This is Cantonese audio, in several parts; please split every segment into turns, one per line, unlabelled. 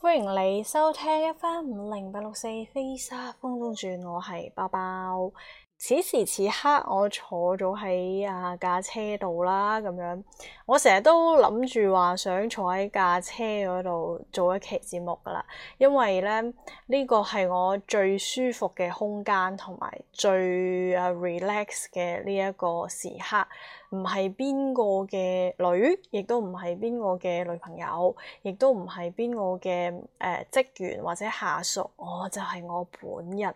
歡迎你收聽一翻五零八六四飛沙風中轉，轉，我係包包。此時此刻我、啊，我坐咗喺啊架車度啦，咁樣我成日都諗住話想坐喺架車嗰度做一期節目噶啦，因為咧呢個係我最舒服嘅空間，同埋最啊 relax 嘅呢一個時刻，唔係邊個嘅女，亦都唔係邊個嘅女朋友，亦都唔係邊個嘅誒職員或者下屬，我、哦、就係、是、我本人。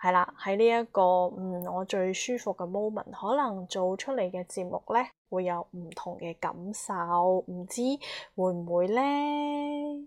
係啦，喺呢一個嗯，我最舒服嘅 moment，可能做出嚟嘅節目咧，會有唔同嘅感受，唔知會唔
會咧？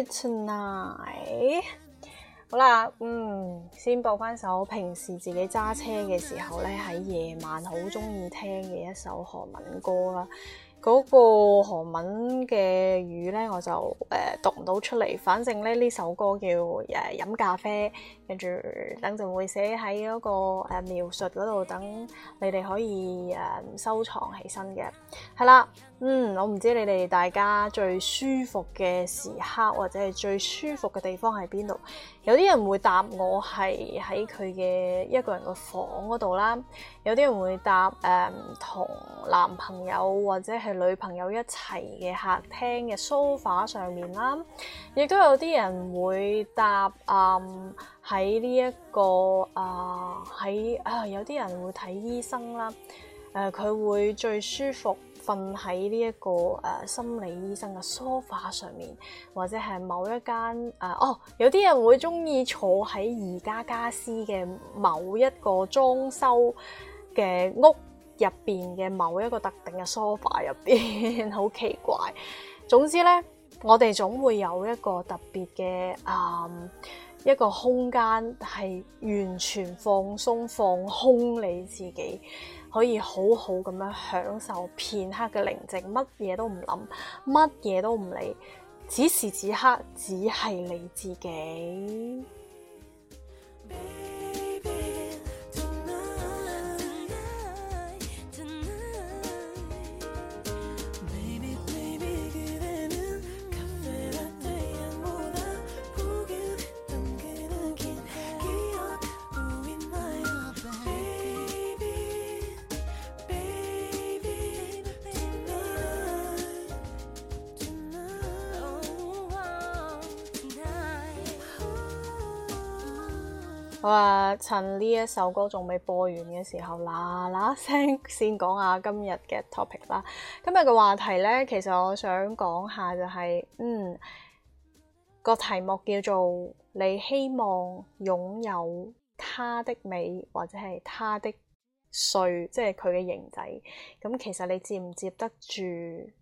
n i g h 好啦，嗯，先播翻首我平時自己揸車嘅時候咧，喺夜晚好中意聽嘅一首韓文歌啦。嗰個韓文嘅語呢，我就誒、呃、讀唔到出嚟。反正咧呢首歌叫誒、呃、飲咖啡，跟住等陣會寫喺嗰個、呃、描述嗰度，等你哋可以誒、呃、收藏起身嘅。係啦，嗯，我唔知你哋大家最舒服嘅時刻，或者係最舒服嘅地方喺邊度？有啲人會答我係喺佢嘅一個人嘅房嗰度啦。有啲人會答誒、呃、同男朋友或者係。女朋友一齊嘅客廳嘅 sofa 上面啦，亦都有啲人會搭啊喺呢一個啊喺啊有啲人會睇醫生啦，誒、呃、佢會最舒服瞓喺呢一個誒、呃、心理醫生嘅 sofa 上面，或者係某一間誒、呃、哦有啲人會中意坐喺宜家家私嘅某一個裝修嘅屋入邊嘅某一個特定嘅 sofa 入邊，好奇怪。總之咧，我哋總會有一個特別嘅誒、嗯、一個空間，係完全放鬆放空你自己，可以好好咁樣享受片刻嘅寧靜，乜嘢都唔諗，乜嘢都唔理，此時此刻只係
你自己。
啊！趁呢一首歌仲未播完嘅時候，嗱嗱聲先講下今日嘅 topic 啦。今日嘅話題呢，其實我想講下就係，嗯，個題目叫做你希望擁有他的美，或者係他的帥，即係佢嘅型仔。咁其實你接唔接得住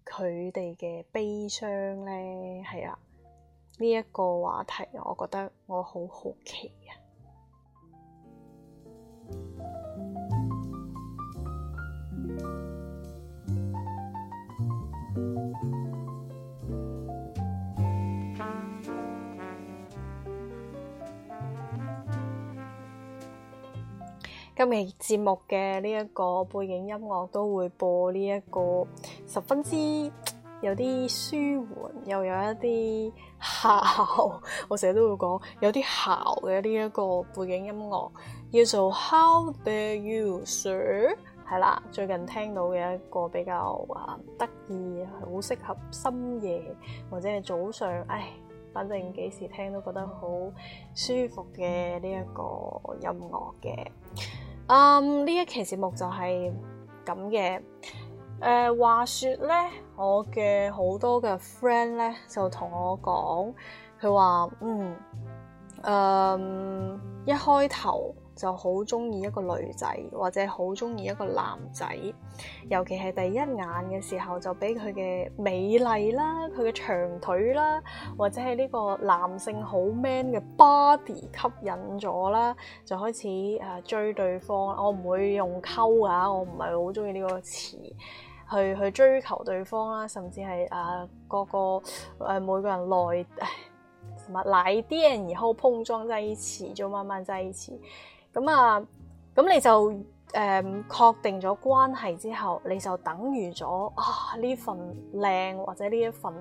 佢哋嘅悲傷呢？係啦，呢一個話題，我覺得我好好奇啊！今日節目嘅呢一個背景音樂都會播呢、這、一個十分之有啲舒緩，又有一啲姣，我成日都會講有啲姣嘅呢一個背景音樂，叫做、so、How Do You Sir？係啦，最近聽到嘅一個比較啊得意，好適合深夜或者係早上，唉，反正幾時聽都覺得好舒服嘅呢一個音樂嘅。啊！呢、um, 一期節目就係咁嘅。誒、uh，話說咧，我嘅好多嘅 friend 咧就同我講，佢話嗯誒，um, 一開頭。就好中意一個女仔，或者好中意一個男仔，尤其係第一眼嘅時候，就俾佢嘅美麗啦，佢嘅長腿啦，或者係呢個男性好 man 嘅 body 吸引咗啦，就開始誒、呃、追對方。我唔會用溝啊，我唔係好中意呢個詞去去追求對方啦，甚至係誒、呃、個個誒、呃、每個人來、哎、什麼來電，然後碰撞在一起，就慢慢在一起。咁啊，咁你就誒確、嗯、定咗關係之後，你就等於咗啊呢份靚或者呢一份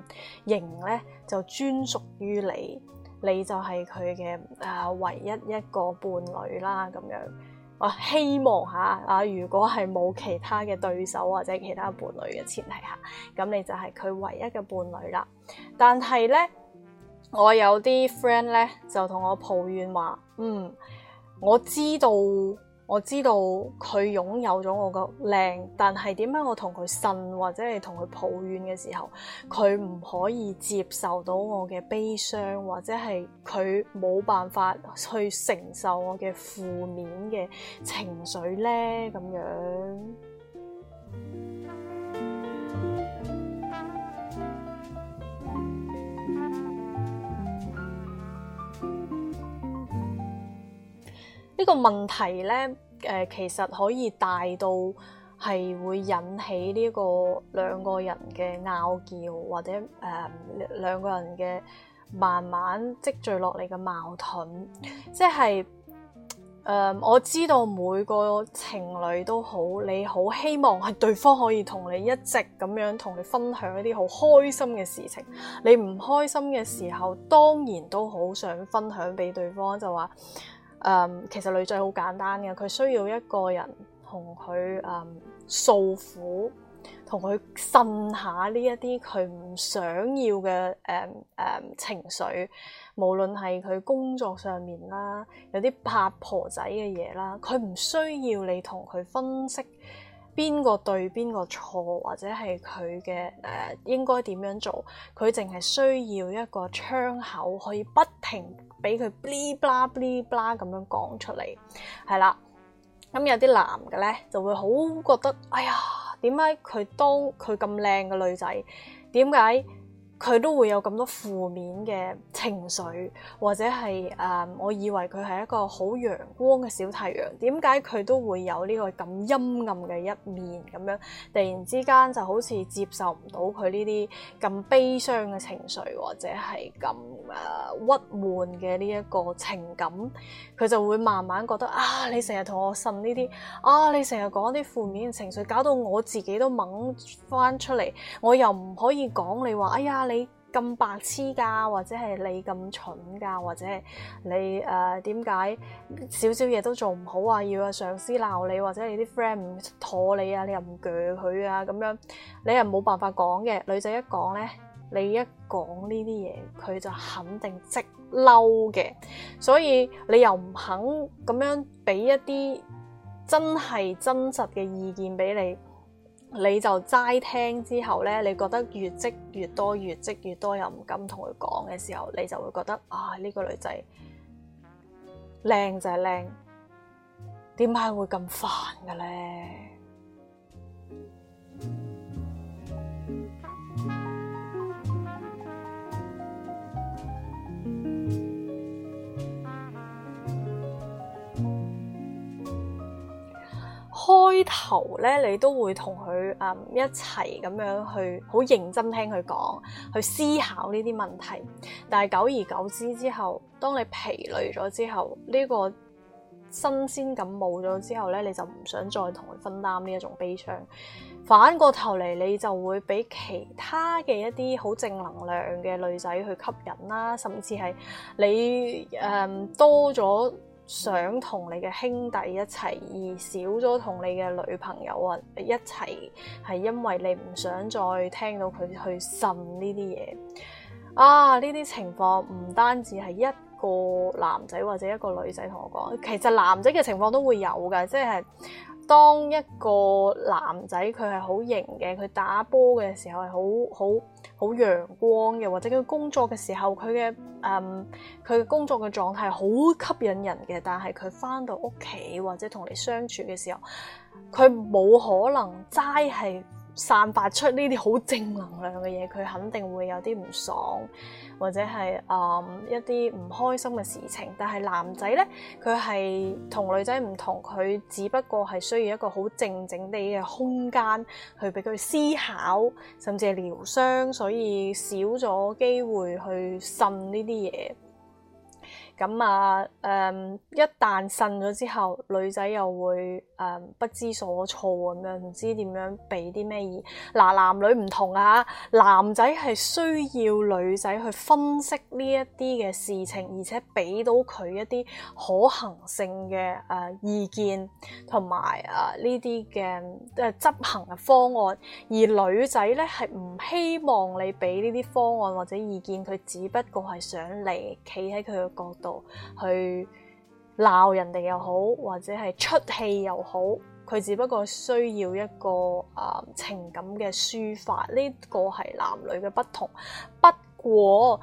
型咧，就專屬於你，你就係佢嘅誒唯一一個伴侶啦。咁樣，我希望吓啊，啊，如果係冇其他嘅對手或者其他伴侶嘅前提下，咁你就係佢唯一嘅伴侶啦。但係咧，我有啲 friend 咧就同我抱怨話，嗯。我知道，我知道佢擁有咗我個靚，但係點解我同佢呻或者係同佢抱怨嘅時候，佢唔可以接受到我嘅悲傷，或者係佢冇辦法去承受我嘅負面嘅情緒咧？咁樣。呢個問題呢，誒、呃、其實可以大到係會引起呢個兩個人嘅拗撬，或者誒、呃、兩個人嘅慢慢積聚落嚟嘅矛盾，即係誒、呃、我知道每個情侶都好，你好希望係對方可以同你一直咁樣同你分享一啲好開心嘅事情，你唔開心嘅時候當然都好想分享俾對方就，就話。誒，um, 其實女仔好簡單嘅，佢需要一個人同佢誒訴苦，同佢呻下呢一啲佢唔想要嘅誒誒情緒，無論係佢工作上面啦，有啲拍婆仔嘅嘢啦，佢唔需要你同佢分析。邊個對邊個錯，或者係佢嘅誒應該點樣做？佢淨係需要一個窗口，可以不停俾佢 blah blah blah 咁樣講出嚟，係啦。咁有啲男嘅咧就會好覺得，哎呀，點解佢當佢咁靚嘅女仔，點解？佢都會有咁多負面嘅情緒，或者係誒、呃、我以為佢係一個好陽光嘅小太陽，點解佢都會有呢個咁陰暗嘅一面？咁樣突然之間就好似接受唔到佢呢啲咁悲傷嘅情緒或者係咁誒鬱悶嘅呢一個情感，佢就會慢慢覺得啊，你成日同我呻呢啲，啊，你成日講啲負面嘅情緒搞到我自己都掹翻出嚟，我又唔可以講你話哎呀，你。你咁白痴噶，或者係你咁蠢噶，或者係你誒點解少少嘢都做唔好啊？要上司鬧你，或者你啲 friend 唔妥你啊，你又唔鋸佢啊？咁樣你又冇辦法講嘅。女仔一講咧，你一講呢啲嘢，佢就肯定即嬲嘅。所以你又唔肯咁樣俾一啲真係真實嘅意見俾你。你就齋聽之後咧，你覺得越積越多，越積越多又唔敢同佢講嘅時候，你就會覺得啊，呢個女仔靚就係靚，點解會咁煩嘅咧？開頭咧，你都會同佢嗯一齊咁樣去好認真聽佢講，去思考呢啲問題。但係久而久之之後，當你疲累咗之後，呢、這個新鮮感冇咗之後咧，你就唔想再同佢分擔呢一種悲傷。反過頭嚟，你就會俾其他嘅一啲好正能量嘅女仔去吸引啦，甚至係你誒、嗯、多咗。想同你嘅兄弟一齊，而少咗同你嘅女朋友啊一齊，係因為你唔想再聽到佢去呻呢啲嘢啊！呢啲情況唔單止係一個男仔或者一個女仔同我講，其實男仔嘅情況都會有㗎，即係。當一個男仔佢係好型嘅，佢打波嘅時候係好好好陽光嘅，或者佢工作嘅時候佢嘅、嗯、佢嘅工作嘅狀態好吸引人嘅，但係佢返到屋企或者同你相處嘅時候，佢冇可能齋係。散發出呢啲好正能量嘅嘢，佢肯定會有啲唔爽，或者係誒、嗯、一啲唔開心嘅事情。但係男仔咧，佢係同女仔唔同，佢只不過係需要一個好靜靜哋嘅空間去俾佢思考，甚至係療傷，所以少咗機會去呻呢啲嘢。咁啊，誒、嗯、一旦呻咗之後，女仔又會。誒、嗯，不知所措咁樣，唔知點樣俾啲咩意。嗱，男女唔同啊，男仔係需要女仔去分析呢一啲嘅事情，而且俾到佢一啲可行性嘅誒、呃、意見，同埋誒呢啲嘅誒執行嘅方案。而女仔咧係唔希望你俾呢啲方案或者意見，佢只不過係想嚟，企喺佢嘅角度去。鬧人哋又好，或者係出氣又好，佢只不過需要一個誒、呃、情感嘅抒發，呢、這個係男女嘅不同。不過誒、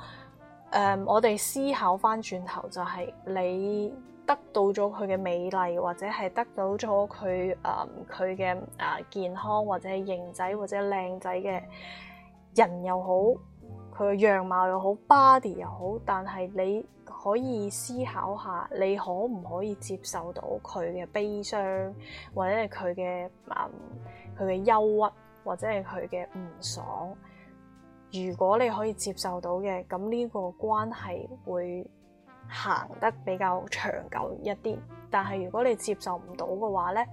呃，我哋思考翻轉頭、就是，就係你得到咗佢嘅美麗，或者係得到咗佢誒佢嘅誒健康，或者係型仔或者靚仔嘅人又好，佢嘅樣貌又好，body 又好，但係你。可以思考下，你可唔可以接受到佢嘅悲傷，或者係佢嘅，嗯，佢嘅憂鬱，或者係佢嘅唔爽？如果你可以接受到嘅，咁呢個關係會行得比較長久一啲。但係如果你接受唔到嘅話咧，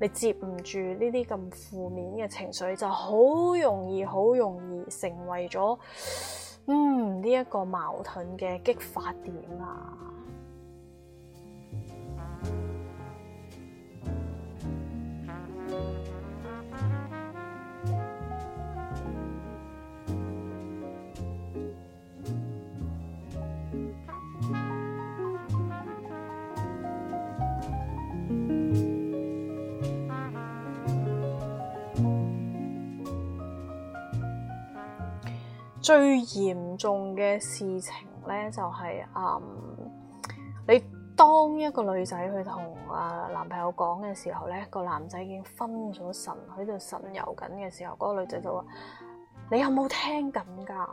你接唔住呢啲咁負面嘅情緒，就好容易，好容易成為咗。嗯，呢一個矛盾嘅激發點啊！最嚴重嘅事情咧，就係、是、嗯，你當一個女仔去同啊男朋友講嘅時候咧，個男仔已經分咗神喺度神遊緊嘅時候，嗰、那個女仔就話：你有冇聽緊㗎？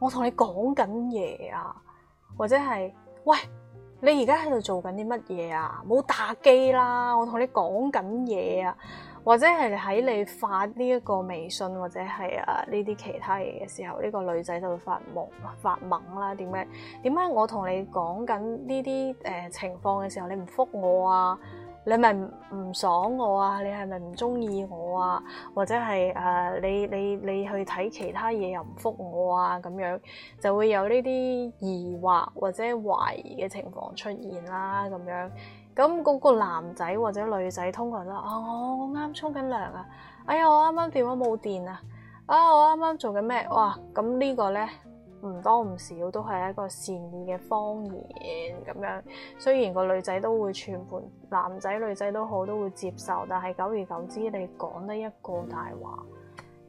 我同你講緊嘢啊，或者係喂，你而家喺度做緊啲乜嘢啊？冇打機啦，我同你講緊嘢啊！或者係喺你發呢一個微信，或者係誒呢啲其他嘢嘅時候，呢、呢個女仔就會發懵、發懵啦。點解？點解我同你講緊呢啲誒情況嘅時候，你唔覆我啊？你咪唔爽我啊？你係咪唔中意我啊？或者係誒、呃、你你你去睇其他嘢又唔覆我啊？咁樣就會有呢啲疑惑或者懷疑嘅情況出現啦。咁樣。咁嗰個男仔或者女仔通常都話，哦，我我啱沖緊涼啊！哎呀，我啱啱電話冇電啊！啊、哦，我啱啱做緊咩？哇！咁呢個咧唔多唔少都係一個善意嘅謊言咁樣。雖然個女仔都會全盤，男仔女仔都好都會接受，但係久而久之，你講得一個大話，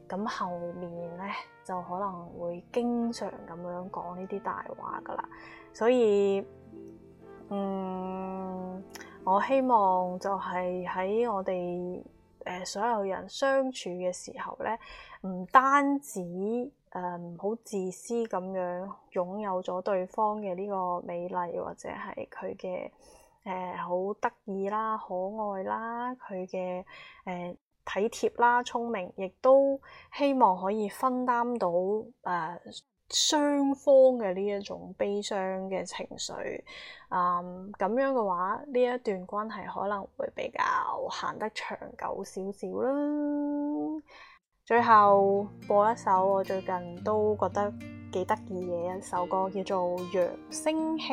咁後面咧就可能會經常咁樣講呢啲大話㗎喇。所以，嗯，我希望就係喺我哋誒、呃、所有人相處嘅時候咧，唔單止誒、呃、好自私咁樣擁有咗對方嘅呢個美麗或者係佢嘅誒好得意啦、可愛啦、佢嘅誒體貼啦、聰明，亦都希望可以分擔到誒。呃雙方嘅呢一種悲傷嘅情緒，嗯，咁樣嘅話，呢一段關係可能會比較行得長久少少啦。最後播一首我最近都覺得幾得意嘅一首歌，叫做《揚聲器》。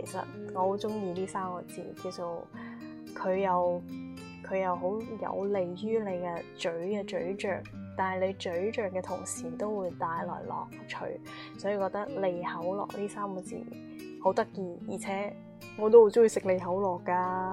其實我好中意呢三個字，叫做佢又佢又好有利於你嘅嘴嘅咀嚼，但係你咀嚼嘅同時都會帶來樂趣，所以覺得利口樂呢三個字好得意，而且我都好中意食利口樂
噶。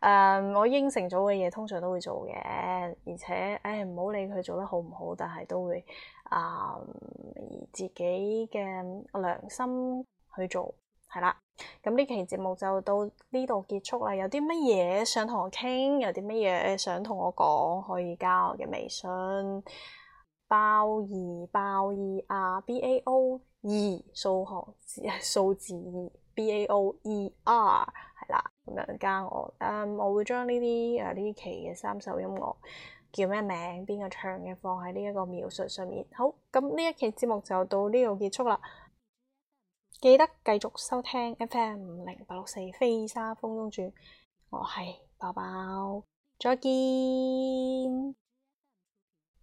誒，um, 我應承咗嘅嘢通常都會做嘅，而且誒唔好理佢做得好唔好，但係都會啊、um, 自己嘅良心去做，係啦。咁呢期節目就到呢度結束啦。有啲乜嘢想同我傾，有啲乜嘢想同我講，可以加我嘅微信，包二包二啊，B A O 二、e, 數學字數字二，B A O 二、e、R，係啦。咁樣加我，嗯，我會將呢啲誒呢期嘅三首音樂叫咩名，邊個唱嘅，放喺呢一個描述上面。好，咁、嗯、呢一期節目就到呢度結束啦，記得繼續收聽 FM 五零八六四《飛沙風中轉》，
我係包包，再見。